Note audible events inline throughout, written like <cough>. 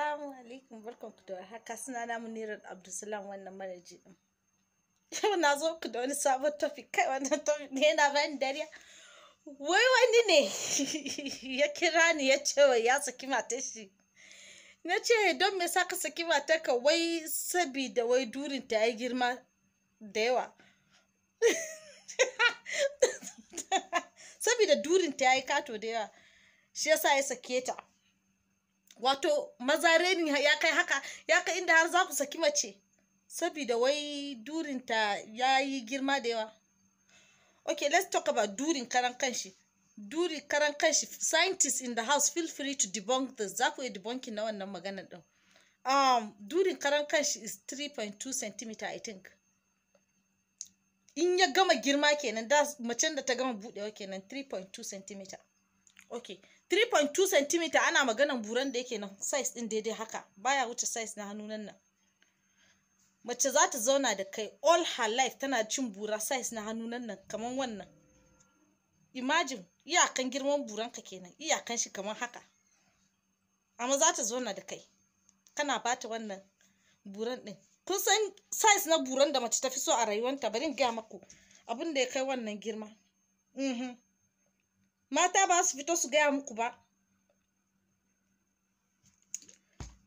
Assalamu alaikum ku da haka suna na Munirat Abdulsalam wannan maraji din. Yau na zo ku da wani sabon topic kai wannan topic ne yana bani dariya. Wai wani ne <laughs> ya kira ni ya ce wai ya saki matar shi. Na ce don me sa ka saki matar ka wai sabida wai durin ta yi girma da yawa. <laughs> Sabida durin ta yi kato da yawa. Shi yasa ya sake ta. wato maza reni ya kai haka ya kai inda har za ku saki mace saboda wai durinta ya yi girma da yawa okay let's talk about durin karan kanshi duri karan kanshi scientists in the house feel free to debunk this za ku yi debunking na wannan maganar ɗin um, durin karan kanshi is 3.2 cm i think in ya gama girma kenan da macen da ta gama budewa kenan 3.2 cm okay 3.2 cm ana maganan buran da yake nan size din daidai haka baya wuce size na hannunan nan mace za ta zauna da kai all her life tana cin bura size na hannunan nan kaman wannan imagine iyakan girman buranka kenan iyakan shi kaman haka amma za ta zauna da kai kana bata wannan buran din kun san size na buran da mace ta fi so a rayuwanta bari in gaya maku abin da ya kai wannan girma mhm mata ba su fito su gaya muku ba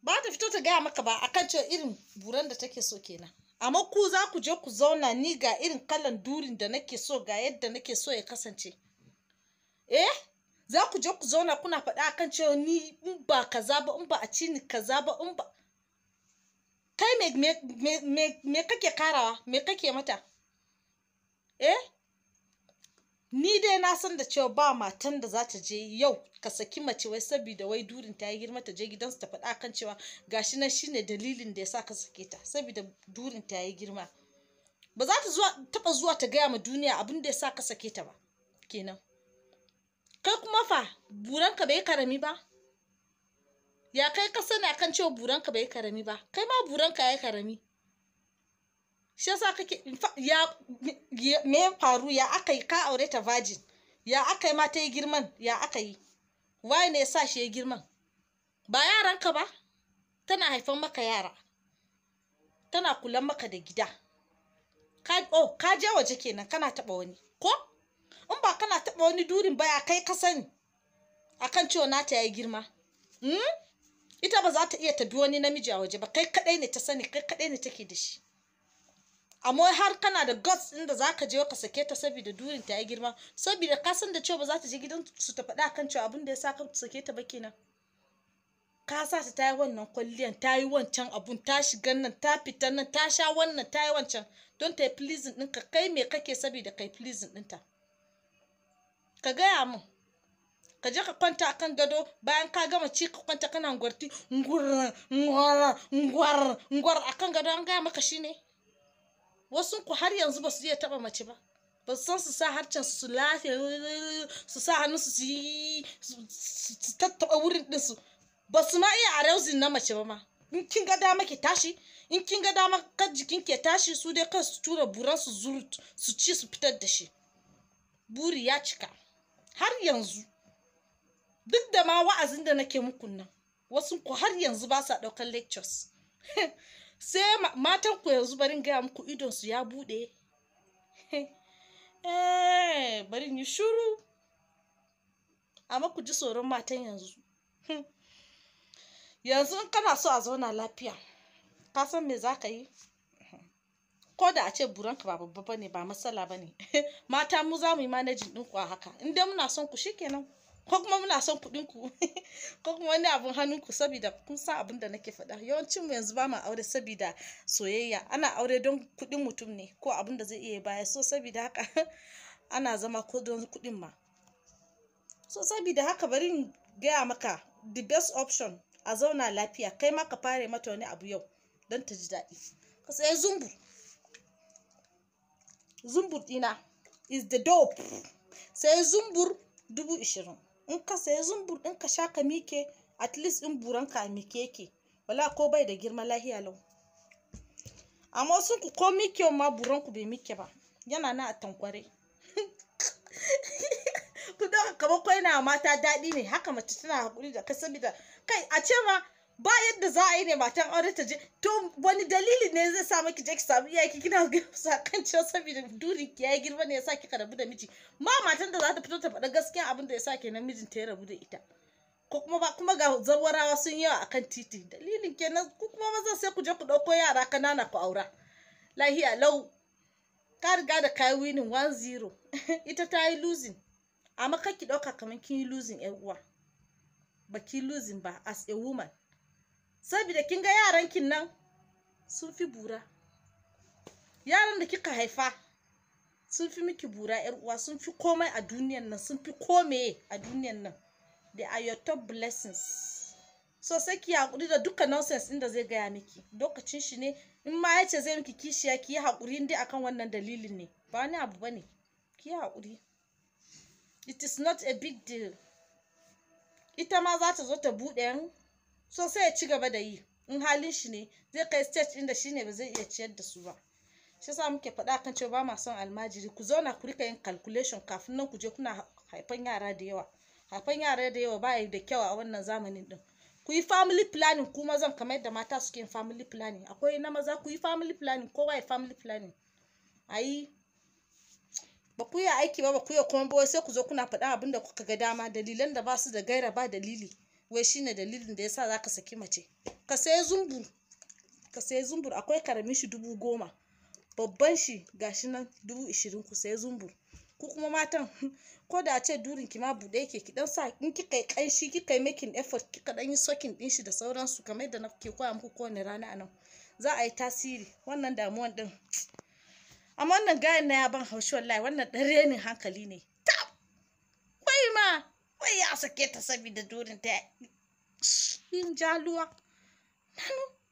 ba ta fito ta gaya maka ba a kan cewa irin buran da take so kenan amma ku za ku je ku zauna ni ga irin kalan durin da nake so ga yadda nake so ya kasance eh za ku je ku zauna kuna faɗa kan cewa ni in ba kaza ba in ba a ci ni kaza ba in ba kai me, me, me kake karawa me kake mata eh ni dai na san da cewa ba matan da za ta je yau ka saki mace wai saboda wai durin ta yi girma ta je gidansu ta faɗa kan cewa gashi na shine dalilin da ya sa ka sake ta saboda durin ta yi girma ba za ta zuwa taba zuwa ta gaya ma duniya abin da ya sa ka sake ta ba kenan kai kuma fa buranka bai karami ba ya kai ka sani akan cewa buranka bai karami ba kai ma buranka ya karami shi yasa kake ya me faru ya aka yi ka aure ta virgin ya aka yi ma yi girman ya aka yi waye ne yasa shi ya girman ba yaranka ba tana haifan maka yara tana kulan maka da gida ka oh ka je waje kenan kana taba wani ko in ba kana taba wani durin baya ya kai ka sani akan cewa nata yayi girma hmm? ita ba za ta iya ta bi wani namiji a waje ba kai kadai ne ta sani kai kadai ne take da shi amma har kana da guts din da zaka je ka sake ta saboda durin ta yi girma saboda ka san da cewa ba za ta je gidan su ta faɗa kan cewa abin da ya sa ka sake ta ba kenan ka sa ta ta yi wannan kwalliyan ta yi wancan abun ta shiga nan ta fita nan ta sha wannan ta yi wancan don ta yi pleasing ɗinka kai me kake saboda kai pleasing ɗinta ka gaya min ka je ka kwanta akan gado bayan ka gama ci ka kwanta kana gwarti ngwar ngwar ngwar ngwar akan gado an gaya maka shine ne wasu ku har yanzu ba su iya taba mace ba ba san su sa harcen su lafiya su sa hannu su yi su tattaba wurin din su ba su ma iya arousing na mace ba ma in kin ga dama ke tashi in kin ga dama kan jikin ke tashi su dai kan su tura buran su zurut su ci su fitar da shi buri ya cika har yanzu duk da ma wa'azin da nake muku nan wasu ku har yanzu ba sa ɗaukar lectures <laughs> sai matan ku yanzu barin gaya muku idon su ya bude <laughs> eh barin yi shuru amma ku ji tsoron matan yanzu <laughs> yanzu in kana so a zauna lafiya ka san me za ka yi ko da a ce buranka ba babba bane ba matsala bane <laughs> mata mu za mu yi manajin ɗinku a haka inda muna son ku shikenan ko kuma muna son kuɗin ku <laughs> ko kuma wani abun hannun ku saboda kun san abin da nake faɗa yawancin mu yanzu ba mu aure saboda soyayya ana aure don kuɗin mutum ne ko abin da zai iya baya so saboda haka <laughs> ana zama ko don kuɗin ma so saboda haka bari in gaya maka the best option a zauna lafiya kai ma ka fare mata wani abu yau don ta ji daɗi ka tsaye zumbu zumbur ɗina is the dope sai zumbur dubu ishirin in ka saya zumbur din ka sha ka mike at least in buran ka mike yake wala ko bai da girma lahiya lau amma sun ku ko mike ma buran ku bai mike ba yana na a tankware <laughs> ku don kamar ko na mata daɗi ne haka mace tana hakuri da ka sabida kai a ce ma ba yadda za a yi ne matan aure ta je to wani dalili ne zai sa maki je ki samu iyaki kina sakancin saboda durin ki yi girma ne yasa kika rabu da miji ma matan da za ta fito ta faɗa gaskiya abin da ya yasa kenan mijin ta ya rabu da ita ko kuma ba kuma ga zawarawa sun yawa akan titi dalilin kenan ku kuma maza sai ku je ku ɗauko yara kanana ku aura lahiya lau ka riga da kayi winning one zero <laughs> ita ta yi losing amma kar ki ɗauka kamar kin yi losing ƴan uwa ba ki losing ba as a woman saboda kin ga yaran kin nan sun fi bura yaran da kika haifa sun fi miki bura yar uwa sun fi komai a duniyan nan sun fi komai a duniyan nan they are your top blessings so sai ki hakuri da duka nonsense inda zai gaya miki lokacin shi ne in ma yace zai miki kishiya ki hakuri inda akan wannan dalilin ne ba wani abu ba ne ki yi it is not a big deal ita ma za ta zo ta buɗe so sai ya ci gaba da yi in halin shi ne zai kai stage inda shi ne ba zai iya ciyar da su ba shi yasa muke faɗa kan cewa ba ma son almajiri ku zauna ku rika yin calculation kafin nan ku je kuna haifan yara da yawa haifan yara da yawa ba da kyau a wannan zamanin din ku yi family planning kuma zan kamar yadda mata suke yin family planning akwai na maza ku yi family planning kowa ya family planning ayi ba ku yi aiki ba ba ku yi kuma ba sai ku zo kuna faɗa abin da kuka ga dama dalilan da ba su da gaira ba dalili wai shine dalilin da yasa zaka saki mace ka sai zumbur ka sai zumbur akwai karamin shi dubu goma babban shi gashi nan dubu ishirin ku sai zumbur ku kuma matan <laughs> ko da a ce durin ki ma buɗe yake ki dan sa in kika yi kanshi kika yi making effort kika dan yi sokin din shi da sauransu kamar yadda ke koya muku kowane rana anan za a yi tasiri wannan damuwan din <sniffs> amma wannan gayan na ya ban haushi wallahi wannan dan renin hankali ne tab ma essa ya sake essa vida durin ta yin jaluwa nanu